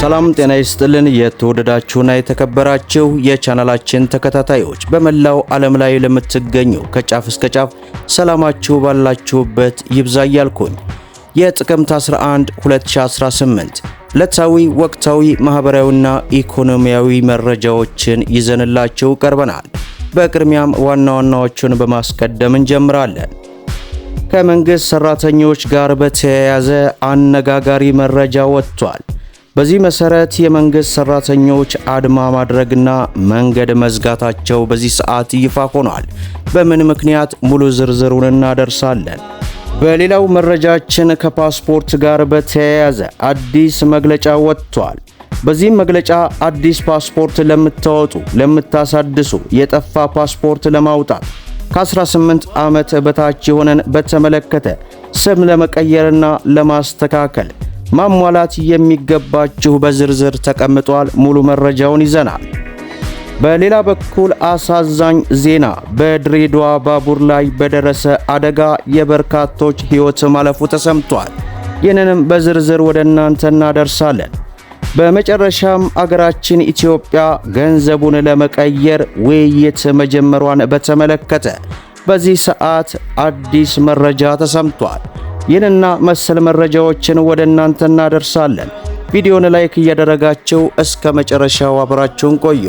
ሰላም ጤና ይስጥልን። የተወደዳችሁና የተከበራችሁ የቻናላችን ተከታታዮች በመላው ዓለም ላይ ለምትገኙ ከጫፍ እስከ ጫፍ ሰላማችሁ ባላችሁበት ይብዛ እያልኩኝ የጥቅምት 11 2018 ዕለታዊ ወቅታዊ ማኅበራዊና ኢኮኖሚያዊ መረጃዎችን ይዘንላችሁ ቀርበናል። በቅድሚያም ዋና ዋናዎቹን በማስቀደም እንጀምራለን። ከመንግሥት ሠራተኞች ጋር በተያያዘ አነጋጋሪ መረጃ ወጥቷል። በዚህ መሰረት የመንግስት ሰራተኞች አድማ ማድረግና መንገድ መዝጋታቸው በዚህ ሰዓት ይፋ ሆኗል። በምን ምክንያት ሙሉ ዝርዝሩን እናደርሳለን። በሌላው መረጃችን ከፓስፖርት ጋር በተያያዘ አዲስ መግለጫ ወጥቷል። በዚህም መግለጫ አዲስ ፓስፖርት ለምታወጡ፣ ለምታሳድሱ፣ የጠፋ ፓስፖርት ለማውጣት ከ18 ዓመት በታች የሆነን በተመለከተ ስም ለመቀየርና ለማስተካከል ማሟላት የሚገባችሁ በዝርዝር ተቀምጧል። ሙሉ መረጃውን ይዘናል። በሌላ በኩል አሳዛኝ ዜና በድሬዳዋ ባቡር ላይ በደረሰ አደጋ የበርካቶች ሕይወት ማለፉ ተሰምቷል። ይህንንም በዝርዝር ወደ እናንተ እናደርሳለን። በመጨረሻም አገራችን ኢትዮጵያ ገንዘቡን ለመቀየር ውይይት መጀመሯን በተመለከተ በዚህ ሰዓት አዲስ መረጃ ተሰምቷል። ይህንና መሰል መረጃዎችን ወደ እናንተ እናደርሳለን። ቪዲዮን ላይክ እያደረጋችሁ እስከ መጨረሻው አብራችሁን ቆዩ።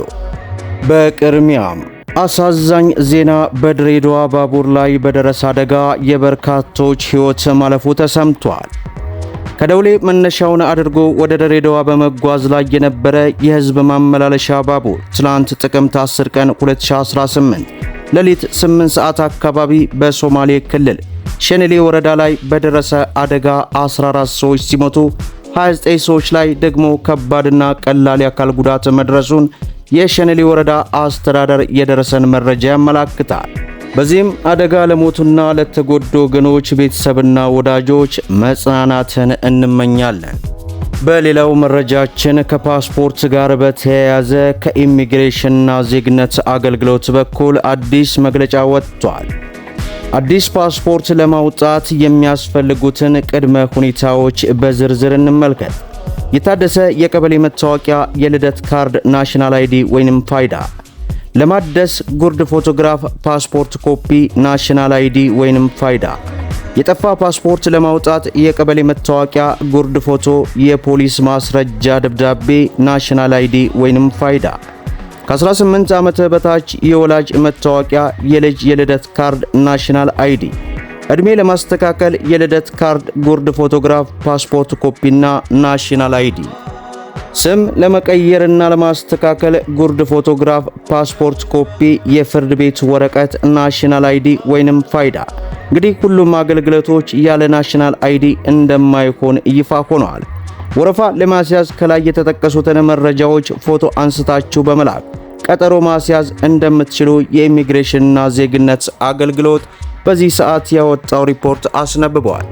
በቅድሚያም አሳዛኝ ዜና በድሬዳዋ ባቡር ላይ በደረሰ አደጋ የበርካቶች ሕይወት ማለፉ ተሰምቷል። ከደውሌ መነሻውን አድርጎ ወደ ድሬዳዋ በመጓዝ ላይ የነበረ የሕዝብ ማመላለሻ ባቡር ትናንት ጥቅምት 10 ቀን 2018 ሌሊት 8 ሰዓት አካባቢ በሶማሌ ክልል ሸኔሌ ወረዳ ላይ በደረሰ አደጋ 14 ሰዎች ሲሞቱ 29 ሰዎች ላይ ደግሞ ከባድና ቀላል የአካል ጉዳት መድረሱን የሸኔሌ ወረዳ አስተዳደር የደረሰን መረጃ ያመላክታል። በዚህም አደጋ ለሞቱና ለተጎዱ ወገኖች ቤተሰብና ወዳጆች መጽናናትን እንመኛለን። በሌላው መረጃችን ከፓስፖርት ጋር በተያያዘ ከኢሚግሬሽንና ዜግነት አገልግሎት በኩል አዲስ መግለጫ ወጥቷል። አዲስ ፓስፖርት ለማውጣት የሚያስፈልጉትን ቅድመ ሁኔታዎች በዝርዝር እንመልከት። የታደሰ የቀበሌ መታወቂያ፣ የልደት ካርድ፣ ናሽናል አይዲ ወይንም ፋይዳ ለማደስ ጉርድ፣ ፎቶግራፍ፣ ፓስፖርት ኮፒ፣ ናሽናል አይዲ ወይንም ፋይዳ። የጠፋ ፓስፖርት ለማውጣት የቀበሌ መታወቂያ፣ ጉርድ ፎቶ፣ የፖሊስ ማስረጃ ደብዳቤ፣ ናሽናል አይዲ ወይንም ፋይዳ ከ18 ዓመት በታች የወላጅ መታወቂያ፣ የልጅ የልደት ካርድ፣ ናሽናል አይዲ፣ ዕድሜ ለማስተካከል የልደት ካርድ፣ ጉርድ ፎቶግራፍ፣ ፓስፖርት ኮፒና ናሽናል አይዲ፣ ስም ለመቀየርና ለማስተካከል ጉርድ ፎቶግራፍ፣ ፓስፖርት ኮፒ፣ የፍርድ ቤት ወረቀት፣ ናሽናል አይዲ ወይንም ፋይዳ። እንግዲህ ሁሉም አገልግሎቶች ያለ ናሽናል አይዲ እንደማይሆን ይፋ ሆነዋል። ወረፋ ለማስያዝ ከላይ የተጠቀሱትን መረጃዎች ፎቶ አንስታችሁ በመላክ ቀጠሮ ማስያዝ እንደምትችሉ የኢሚግሬሽንና ዜግነት አገልግሎት በዚህ ሰዓት ያወጣው ሪፖርት አስነብቧል።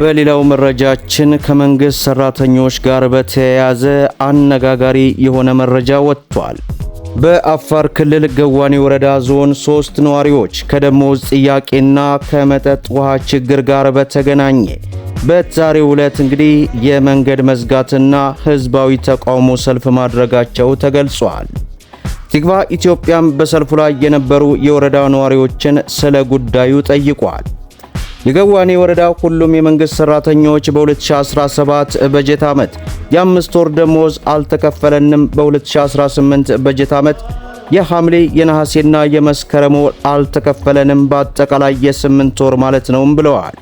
በሌላው መረጃችን ከመንግሥት ሠራተኞች ጋር በተያያዘ አነጋጋሪ የሆነ መረጃ ወጥቷል። በአፋር ክልል ገዋኔ ወረዳ ዞን ሦስት ነዋሪዎች ከደሞዝ ጥያቄና ከመጠጥ ውሃ ችግር ጋር በተገናኘ በዛሬው ዕለት እንግዲህ የመንገድ መዝጋትና ሕዝባዊ ተቃውሞ ሰልፍ ማድረጋቸው ተገልጿል። ቲግባ ኢትዮጵያም በሰልፉ ላይ የነበሩ የወረዳ ነዋሪዎችን ስለ ጉዳዩ ጠይቋል። የገዋኔ ወረዳ ሁሉም የመንግስት ሠራተኞች በ2017 በጀት ዓመት የአምስት ወር ደሞዝ አልተከፈለንም፣ በ2018 በጀት ዓመት የሐምሌ የነሐሴና የመስከረም ወር አልተከፈለንም፣ በአጠቃላይ የስምንት ወር ማለት ነውም ብለዋል።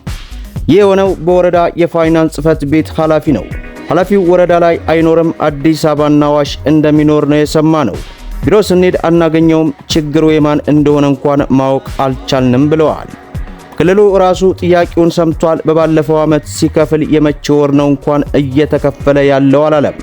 ይህ የሆነው በወረዳ የፋይናንስ ጽህፈት ቤት ኃላፊ ነው። ኃላፊው ወረዳ ላይ አይኖርም፣ አዲስ አበባና አዋሽ እንደሚኖር ነው የሰማ ነው ቢሮ ስንሄድ አናገኘውም፣ ችግሩ የማን እንደሆነ እንኳን ማወቅ አልቻልንም ብለዋል። ክልሉ ራሱ ጥያቄውን ሰምቷል። በባለፈው ዓመት ሲከፍል የመቼ ወር ነው እንኳን እየተከፈለ ያለው አላለም።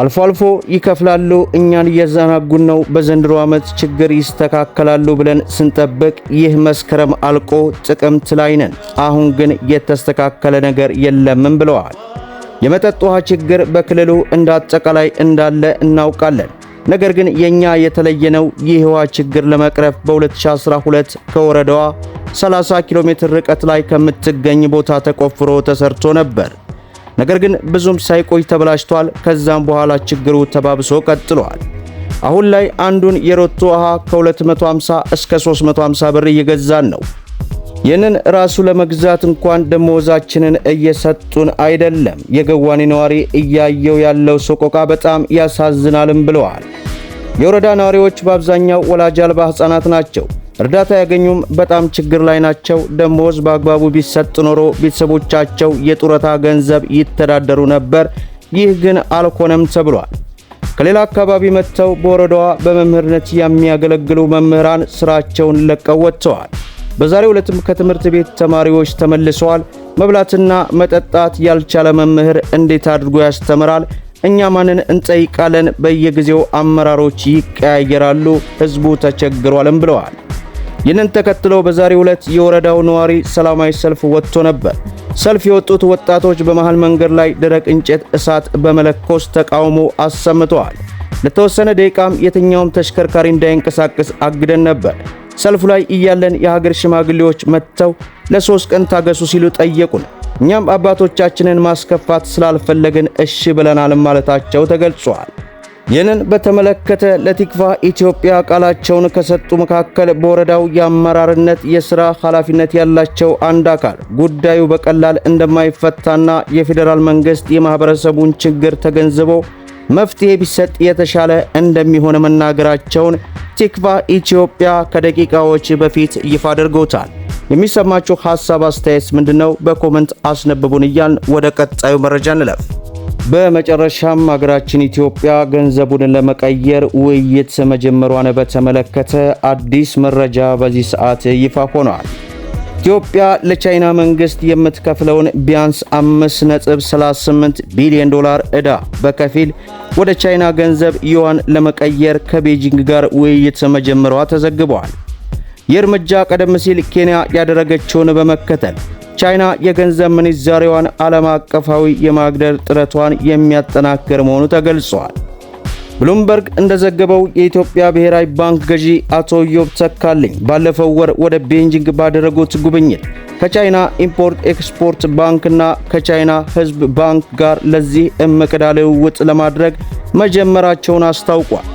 አልፎ አልፎ ይከፍላሉ፣ እኛን እየዘናጉን ነው፣ በዘንድሮ ዓመት ችግር ይስተካከላሉ ብለን ስንጠብቅ ይህ መስከረም አልቆ ጥቅምት ላይ ነን፣ አሁን ግን የተስተካከለ ነገር የለምም ብለዋል። የመጠጥ ውሃ ችግር በክልሉ እንዳጠቃላይ እንዳለ እናውቃለን። ነገር ግን የኛ የተለየ ነው። ይህ የውሃ ችግር ለመቅረፍ በ2012 ከወረዳዋ 30 ኪሎ ሜትር ርቀት ላይ ከምትገኝ ቦታ ተቆፍሮ ተሰርቶ ነበር። ነገር ግን ብዙም ሳይቆይ ተበላሽቷል። ከዛም በኋላ ችግሩ ተባብሶ ቀጥሏል። አሁን ላይ አንዱን የሮቶ ውሃ ከ250 እስከ 350 ብር እየገዛን ነው። ይህንን ራሱ ለመግዛት እንኳን ደሞዛችንን እየሰጡን አይደለም። የገዋኔ ነዋሪ እያየው ያለው ሰቆቃ በጣም ያሳዝናልም ብለዋል። የወረዳ ነዋሪዎች በአብዛኛው ወላጅ አልባ ሕፃናት ናቸው። እርዳታ ያገኙም በጣም ችግር ላይ ናቸው። ደሞዝ በአግባቡ ቢሰጥ ኖሮ ቤተሰቦቻቸው የጡረታ ገንዘብ ይተዳደሩ ነበር። ይህ ግን አልሆነም ተብሏል። ከሌላ አካባቢ መጥተው በወረዳዋ በመምህርነት የሚያገለግሉ መምህራን ስራቸውን ለቀው ወጥተዋል። በዛሬው ዕለትም ከትምህርት ቤት ተማሪዎች ተመልሰዋል። መብላትና መጠጣት ያልቻለ መምህር እንዴት አድርጎ ያስተምራል? እኛ ማንን እንጠይቃለን? በየጊዜው አመራሮች ይቀያየራሉ፣ ህዝቡ ተቸግሯልም ብለዋል። ይህንን ተከትለው በዛሬው ዕለት የወረዳው ነዋሪ ሰላማዊ ሰልፍ ወጥቶ ነበር። ሰልፍ የወጡት ወጣቶች በመሃል መንገድ ላይ ደረቅ እንጨት እሳት በመለኮስ ተቃውሞ አሰምተዋል። ለተወሰነ ደቂቃም የትኛውም ተሽከርካሪ እንዳይንቀሳቀስ አግደን ነበር። ሰልፉ ላይ እያለን የሀገር ሽማግሌዎች መጥተው ለሶስት ቀን ታገሱ ሲሉ ጠየቁን። እኛም አባቶቻችንን ማስከፋት ስላልፈለግን እሺ ብለናል ማለታቸው ተገልጿል። ይህንን በተመለከተ ለቲክፋ ኢትዮጵያ ቃላቸውን ከሰጡ መካከል በወረዳው የአመራርነት የሥራ ኃላፊነት ያላቸው አንድ አካል ጉዳዩ በቀላል እንደማይፈታና የፌዴራል መንግሥት የማኅበረሰቡን ችግር ተገንዝቦ መፍትሄ ቢሰጥ የተሻለ እንደሚሆን መናገራቸውን ቲክቫ ኢትዮጵያ ከደቂቃዎች በፊት ይፋ አድርጎታል። የሚሰማችሁ ሐሳብ አስተያየት ምንድነው? በኮመንት አስነብቡን እያልን ወደ ቀጣዩ መረጃ እንለፍ። በመጨረሻም ሀገራችን ኢትዮጵያ ገንዘቡን ለመቀየር ውይይት መጀመሯን በተመለከተ አዲስ መረጃ በዚህ ሰዓት ይፋ ሆኗል። ኢትዮጵያ ለቻይና መንግስት የምትከፍለውን ቢያንስ 5.38 ቢሊዮን ዶላር ዕዳ በከፊል ወደ ቻይና ገንዘብ ዩዋን ለመቀየር ከቤጂንግ ጋር ውይይት መጀመሯ ተዘግቧል። ይህ እርምጃ ቀደም ሲል ኬንያ ያደረገችውን በመከተል ቻይና የገንዘብ ምንዛሬዋን ዓለም አቀፋዊ የማግደር ጥረቷን የሚያጠናክር መሆኑ ተገልጿል። ብሉምበርግ እንደዘገበው የኢትዮጵያ ብሔራዊ ባንክ ገዢ አቶ ዮብ ተካልኝ ባለፈው ወር ወደ ቤንጂንግ ባደረጉት ጉብኝት ከቻይና ኢምፖርት ኤክስፖርት ባንክና ከቻይና ሕዝብ ባንክ ጋር ለዚህ እምቅዳ ልውውጥ ለማድረግ መጀመራቸውን አስታውቋል።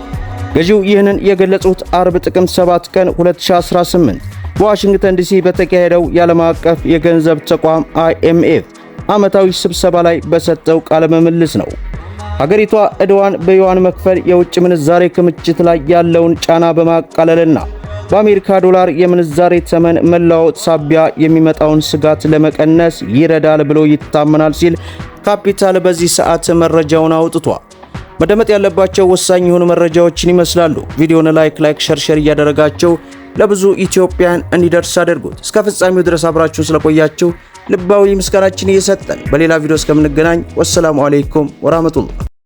ገዢው ይህንን የገለጹት አርብ ጥቅምት 7 ቀን 2018 በዋሽንግተን ዲሲ በተካሄደው የዓለም አቀፍ የገንዘብ ተቋም አይኤምኤፍ ዓመታዊ ስብሰባ ላይ በሰጠው ቃለ ምልልስ ነው። ሀገሪቷ እድዋን በዩዋን መክፈል የውጭ ምንዛሬ ክምችት ላይ ያለውን ጫና በማቃለልና በአሜሪካ ዶላር የምንዛሬ ተመን መለዋወጥ ሳቢያ የሚመጣውን ስጋት ለመቀነስ ይረዳል ብሎ ይታመናል ሲል ካፒታል በዚህ ሰዓት መረጃውን አውጥቷል። መደመጥ ያለባቸው ወሳኝ የሆኑ መረጃዎችን ይመስላሉ። ቪዲዮን ላይክ ላይክ ሸርሸር እያደረጋቸው ለብዙ ኢትዮጵያን እንዲደርስ አድርጉት። እስከ ፍጻሜው ድረስ አብራችሁን ስለቆያችሁ ልባዊ ምስጋናችን እየሰጠን በሌላ ቪዲዮ እስከምንገናኝ ወሰላሙ አሌይኩም ወራህመቱላህ